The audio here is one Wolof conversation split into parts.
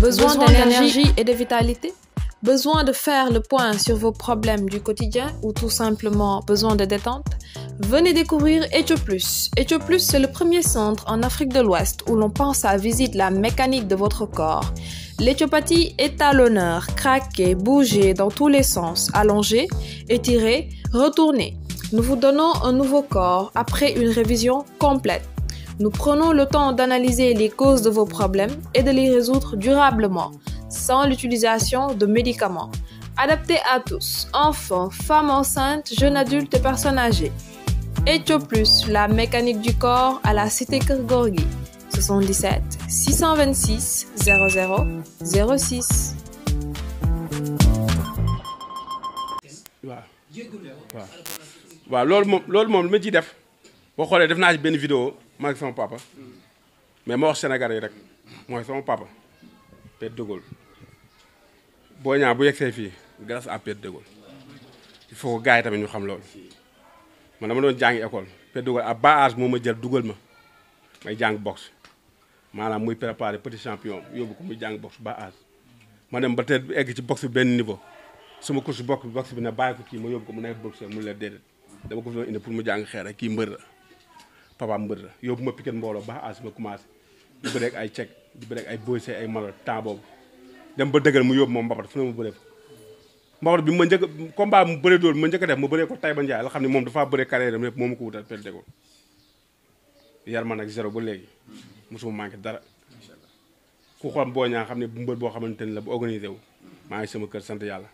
Besoin, Besoin d'énergie de faire le point sur vos problèmes du quotidien ou tout simplement besoin de détente Venez découvrir Etioplus. Etioplus, c'est le premier centre en Afrique de l'Ouest où l'on pense à visiter la mécanique de votre corps. L'éthiopathie est à l'honneur, craquer, bouger dans tous les sens, allonger, étirer, retourner. Nous vous donnons un nouveau corps après une révision complète. Nous prenons le temps d'analyser les causes de vos problèmes et de les résoudre durablement, de médicaments. Adapté à tous, enfants, femmes enceintes, jeunes et personnes la mécanique du corps à la cité Kergorgi. 77 626 00 06. waaw waaw waaw loolu moom loolu def boo xoolee def naa ci benn maa ngi sama papa mais ma wax Sénégal yi rek mooy sama papa Père de Gaulle Boy Niang bu yegsee fii grâce à Père de Gaulle il faut gars yi tamit ñu xam lool man dama doon jàngi école Père de Gaulle à bas âge moo ma jël dugal ma may jàng boxe maanaam muy préparé petit champion yóbbu ko muy jàng boxe bas âge ma dem ba tey egg ci boxe bi benn niveau suma course boxe boxe bi ne bàyyi ko kii ma yóbbu ko mu nekk boxeur mu la déedéet dama ko fi doon indi jàng xeer ak kii mbër papa mbër la yóbbu ma piquet mbooloo ba as ma commencé di bëreeg ay cek di bëreeg ay boyse ay malo temps boobu dem ba dëggal mu yóbbu moom mbapat fu ne ma bëree bi ma njëkk combat mu bëree dool ma njëkk def ma bëree ko Taïba Ndiaye la xam ne moom dafaa bëree carrière am moo ma ko wutal ma nag zéro léegi mosuma manqué dara ku xool boo ñaa xam ne bu mbër boo xamante ni la bu organisé wu maa ngi sama kër sant yàlla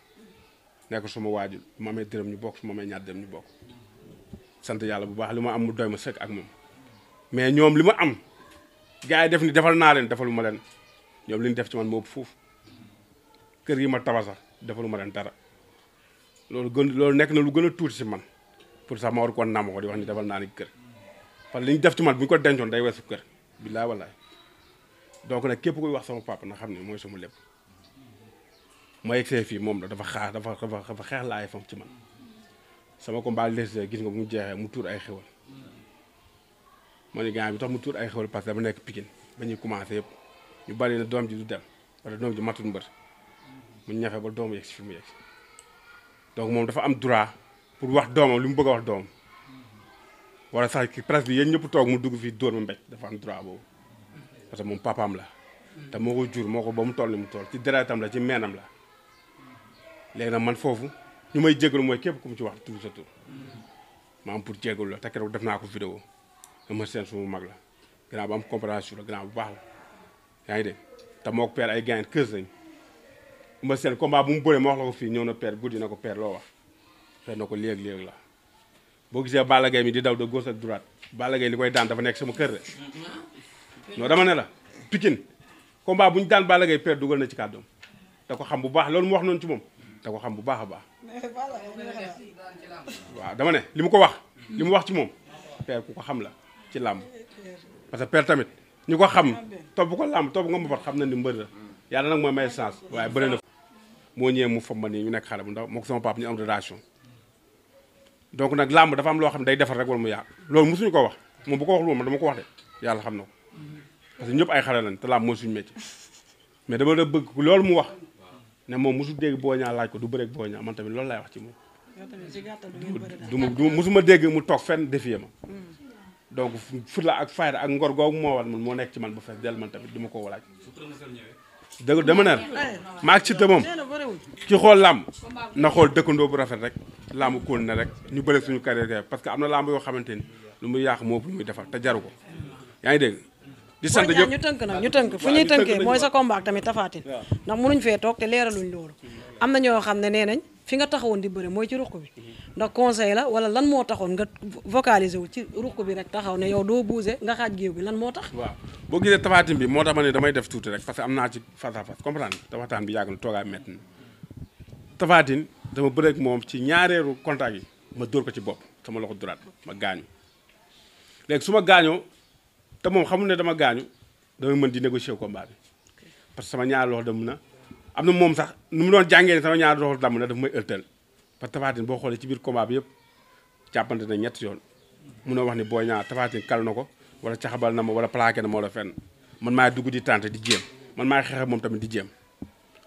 nekk suma waajul bu ma amee dërëm ñu bokk su ma amee ñaar dërëm ñu bokk sant yàlla bu baax li ma am mu doy ma sëkk ak moom mais ñoom li ma am gars yi def ni defal naa leen defalu ma leen ñoom li ñu def ci man moo ëpp fuuf kër gi ma tabax sax defalu ma leen dara loolu gën loolu nekk na lu gën a tuuti si man pour sax ma war ko namm ko di wax ni defal naa ni kër parce li ñu def ci man bu ñu ko dencoon day weesu kër billaay wallaay donc nag képp kuy wax sama papa na xam ne mooy sama lépp ma yegsee fii moom la dafa xaar dafa dafa xeex laay fam ci man sama combat léegi gis nga bu mu jeexee mu tuur ay xewal ma ne gars bi tax mu tuur ay xewal parce que dama nekk Pikine ba ñuy commencé yëpp ñu bari na doom ji du dem parce que doom ji matul mbër mu ñafe ba doom yegg si fi mu yegg si donc moom dafa am droit pour wax doomam li mu bëgg a wax doomam wala sax kii presse bi yéen ñëpp toog mu dugg fii dóor ma mbéj dafa am droit boobu parce que moom papaam la te moo ko jur moo ko ba mu toll ni mu toll ci deretam la ci meenam la léegi nag man foofu ñu may jégalu mooy képp ku mu ci wax tudd sa tur ma am pour jégalu la te keroog def naa ko vidéo ma seen suma mag la grand ba am compréhension la grand bu baax la yaa ngi de te moo ko père ay gaañ kës lañ ma seen combat bu mu bëree ma wax la ko fii ñëw na père guddi na ko père loo wax xëy na ko léeg-léeg la boo gisee Balla Gaye mi di daw de gauche ak droite Balla Gaye koy daan dafa nekk sama kër de non dama ne la Pikine combat bu ñu daan Balla Gaye père dugal na ci kàddoom da ko xam bu baax loolu mu wax noonu ci moom da ko xam bu baax a baax waaw dama ne li mu ko wax li mu wax ci moom père ku ko xam la ci làmb parce que père tamit ñu ko xam topp ko làmb topp nga mbapat xam na ni mbëri la yàlla nag mooy may chance waaye bëri na moo ñëwee mu fam ma nii ñu nekk xare bu ndaw moo ko sama papa ñu am relation donc nag làmb dafa am loo xam ne day defar rek wala mu yàq loolu mosuñu ko wax moom bu ko wax lu ma dama ko wax de yàlla xam na ko parce que ñëpp ay xare lañ te làmb mooy suñu métier mais dama la bëgg loolu mu wax ne moom mosul dégg Boy Niang laaj ko du bëreeg Boy Niang man tamit loolu laay wax ci moom. yow tamit du ngeen bëri ma du mosuma dégg mu toog fenn defee ma. Hmm. donc fulla ak fayda ak ngor moo war man moo nekk ci man ba fees del man tamit du ma laaj. dëgg dama ne ma ak Siteu moom ki xool làmb na xool dëkkandoo bu rafet rek làmb koon na rek ñu bëre suñu carrière parce que am na làmb yoo xamante ni lu mu yàq moo lu muy defar te jaru ko yaa ngi dégg. di sant ñëpp ñu tënk nag ñu tënk fu ñuy tënkee mooy sa combat tamit tafaatin ndax mënuñ fee toog te leeraluñ loolu mm-hmm. am na ñoo xam ne nee nañ fi nga taxawoon di bëre mooy ci ruq bi mm-hmm. ndax conseil la wala lan moo taxoon nga vocaliser wu ci ruq bi rek taxaw ne yow doo bouger nga xaaj géew bi lan moo tax waaw boo gisee tafaatin bi moo tax ma ne damay def tuuti rek parce que am naa ci face à face comprendre te waxtaan bi yàgg na toogaa métti na tafaatin dama bëre moom ci ñaareeru contact yi ma dóor ko ci bopp sama loxo duraat ma gaañu léegi su te moom xamul ne dama gaañu dama mën di négocier combat bi parce que sama ñaar loxo dem na am na moom sax nu mu doon jàngee ne sama ñaar loxo damm na daf may ëltal parce que Tapha Tine boo xoolee ci biir combat bi yëpp jàppante na ñetti yoon munoo wax ni Boy Niang Tapha Tine na ko wala caxabal na ma wala palaake na ma la fen man maay dugg di tenté di jéem man maay xeex moom tamit di jéem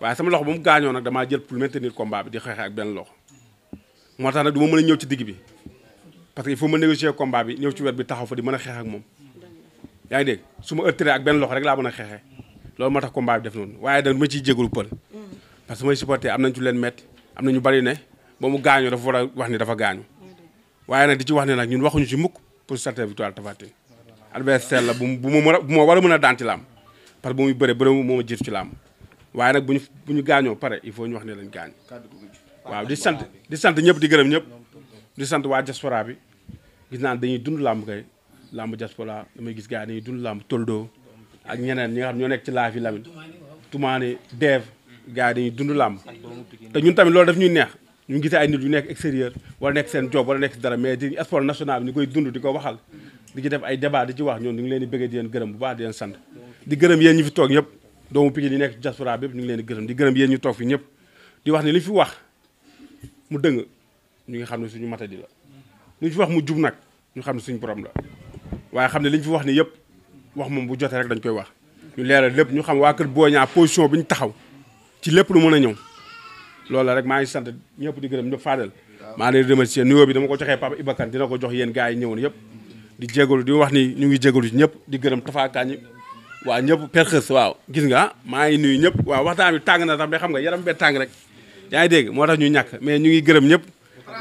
waaye sama loxo ba mu gaañoo nag damaa jël pour maintenir combat bi di xeex ak benn loxo moo tax nag du ma mën a ñëw ci digg bi parce que il faut ma négocier bi ñëw ci wet bi taxaw fa di mën a xeex ak moom yaa ngi dégg su ma ëttiree ak benn loxo rek laa mën a xeexee loolu ma tax combat bi def noonu waaye da ma ciy jégalu pël parce que samay supporter am nañ ci leen metti am na ñu bari ne ba mu gaañoo dafa war a wax ni dafa gaañu waaye nag di ci wax ne nag ñun waxuñu ci mukk pour certain victoire Tapha Tine adversaire la bu mu bu ma war a mën a daan ci laam parce que bu muy bëree bëre moo ma jiitu ci laam waaye nag bu ñu bu ñu gaañoo pare il faut ñu wax ne lañ gaañ waaw di sant di sant ñëpp di gërëm ñëpp di sant waa diaspora bi gis naa dañuy dund làmb kay làmb diaspora damay gis gars yi dund làmb toldoo ak ñeneen ñi nga xam ñoo nekk ci laaf yi Lamine tumaane deev gars yi dañuy dund làmb te ñun tamit loolu daf ñuy neex ñu ngi gisee ay nit yu nekk extérieur wala nekk seen job wala nekk si dara mais di sport national ñu koy dund di ko waxal di ci ay débat di wax ñoon ñu ngi leen di bëggee di leen gërëm bu baax di leen fi toog ñëpp doomu Pikine nekk ci diaspora bi yëpp ñu ngi leen di gërëm di gërëm yéen ñu toog fi ñëpp di wax ne li fi wax mu dëng ñu ngi xam ne suñu matadi la lu ñu fi wax mu jub nag ñu xam ne suñu borom la waaye xam ne li ñu fi wax ni yëpp wax moom bu jote rek dañ koy wax ñu leeral lépp ñu xam waa kër Boy Niang position bu ñu taxaw ci lépp lu mun a ñëw loolu rek maa ngi sant ñëpp di gërëm ñëpp Fadel maa ngi leen di remercier bi dama ko joxee Papa Ibakan dina ko jox yéen gars yi ñëwoon yëpp di jégalu di wax ni ñu ngi jégalu ñëpp di gërëm tafakaañi waaw ñëpp perxës waaw gis nga maa ngi nuyu ñëpp waa waxtaan bi tàng na sax mais xam nga yaram bee tàng rek yaa ngi dégg moo tax ñu ñàkk mais ñu ngi gërëm ñëpp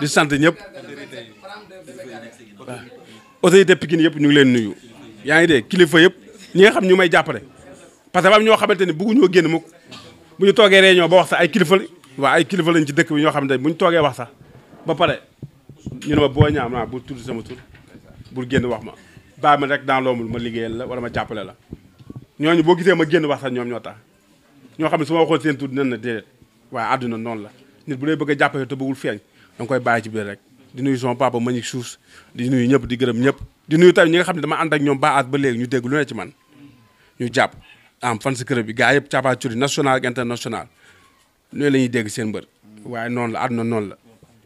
di sant ñëpp aussi autorité Pikine yëpp ñu ngi leen nuyu yaa ngi dee kilifa yëpp ñi nga xam ñu may jàppale parce que ba am ñoo xamante ne bëgguñoo génn mukk bu ñu toogee réunion ba wax sax ay kilifa waa kilifa lañ ci dëkk bi ñoo xamante ne bu ñu toogee wax sax ba pare ñu ne ma boo ñaam naa bu tudd sama tur bul génn wax ma bàyyi ma rek dans l'ombre ma liggéeyal la wala ma jàppale la ñooñu boo gisee ma génn wax sax ñoom ñoo tax ñoo xam ne su ma waxoon seen tur dinañ na déedéet waaye àdduna noon la nit bu lay bëgg a jàppale te bëggul feeñ danga koy bàyyi ci biir rek di nuyu son papa Manick Suus di nuyu ñëpp di gërëm ñëpp di nuyu tamit ñi nga xam ne dama ànd ñoom ba at ba léegi ñu dégg man ñu jàpp am fan si bi gaa yëpp capaacuri national ak international loolu la ñuy dégg seen mbër waaye noonu la àdduna noonu la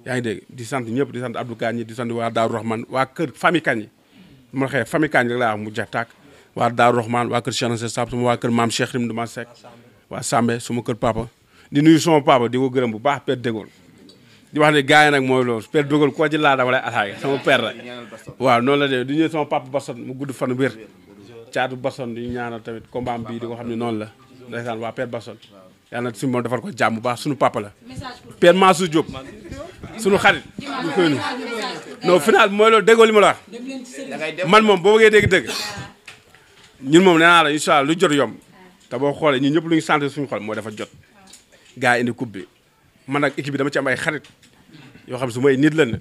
yaa ngi dégg di sant ñëpp di sant Abdou Kañ di sant waa Daaru Rahman waa kër famille Kañ yi ma xëy famille Kañ rek laa wax mu jeex tàkk waa Daaru Rahman waa kër Cheikh waa kër maam Cheikh Rim Duma Seck waa Sambe suma kër papa di nuyu sama papa di ko gërëm bu baax Père Dégol di wax ne gars yi nag mooy loolu père dugal koo ci laa dama lay attaqué sama père la waaw noonu la de di ñëw sama papa Boston mu gudd fan wér caatu Boston di ñaanal tamit combat bii di ko xam ne noonu la ndeysaan waa père Boston yàlla na suñu moom ko jàmm bu baax suñu papa la père Mansour Diop suñu xarit ñu koy nu non final mooy loolu déggoo li ma la man moom boo bëggee dégg-dégg ñun moom nee naa la incha lu jot yomb te boo xoolee ñun ñëpp lu ñu sant suñu xol moo dafa jot gars yi indi bi man ak équipe bi dama ci am ay xarit yoo xam su may nit la ne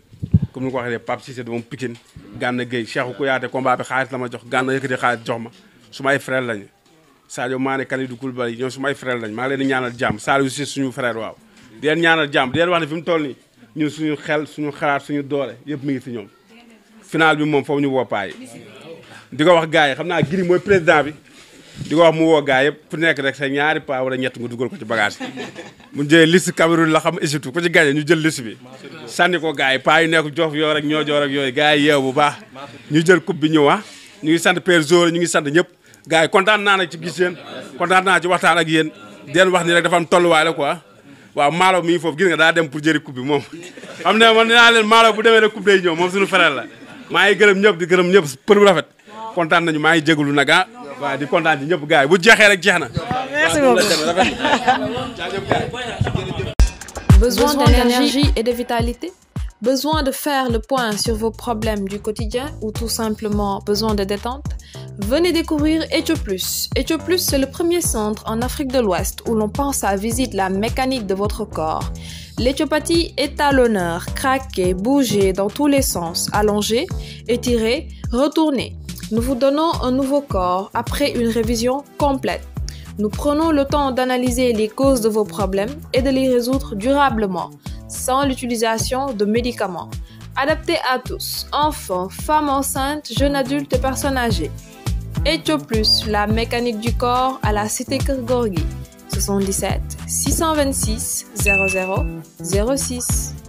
comme ni ko waxee Pape Cissé moom Pikine Gana Gueye Cheikhou Kouyaté combat bi xaalis la ma jox Gana yëkkati xaalis jox ma su ma ay frère lañu Sadio Mané Kalidou Koulibaly ñoom su ma ay frère lañu maa ngi leen di ñaanal jàmm Saliou Cissé suñu frère waaw di leen ñaanal jàmm di leen wax ne fi mu toll nii ñun suñu xel suñu xalaat suñu doole yëpp mi ngi si ñoom final bi moom foofu ñu woppaay di ko wax gars yi xam naa Gris mooy président bi di ko wax mu woo gars yëpp fu nekk rek say ñaari paa wala ñett nga dugal ko ci bagage mu jëlee liste Cameroun la xam Égypte ku ci gagné bi sànni ko gars yi ñoo joor ak yooyu gars yi yeew bu baax ñu jël coupe bi ñëw ah. ñu ngi sant Père Zora ñu ngi sant ñëpp gars yi kontaan naa nag ci gis yéen kontaan naa ci waxtaan ak yéen den wax ni rek dafa am tolluwaay la ko waaw maalo mi ngi foofu gis nga daa dem pour jëri coupe bi moom xam ne man dinaa leen maalo bu demee rek coupe day ñëw moom ñëpp di gërëm ñëpp për bu rafet kontaan nañu maa ngi jégalu nag ah. waaw di kontaan Besoin d'énergie et de vitalité? Besoin de faire le point sur vos problèmes du quotidien ou tout simplement besoin de détente? Venez découvrir Etioplus. Etioplus, c'est le premier centre en Afrique de l'Ouest où l'on pense à visiter la mécanique de votre corps. L'éthiopathie est à l'honneur, craquer, bouger dans tous les sens, allonger, étirer, retourner. Nous vous donnons un nouveau corps après une révision complète. Nous prenons le temps d'analyser les causes de vos problèmes et de les résoudre durablement, sans l'utilisation de médicaments. Adapté à tous, enfants, femmes enceintes, jeunes adultes et personnes âgées. Etioplus, la mécanique du corps à la cité Kergorgi, 77 626 00 06.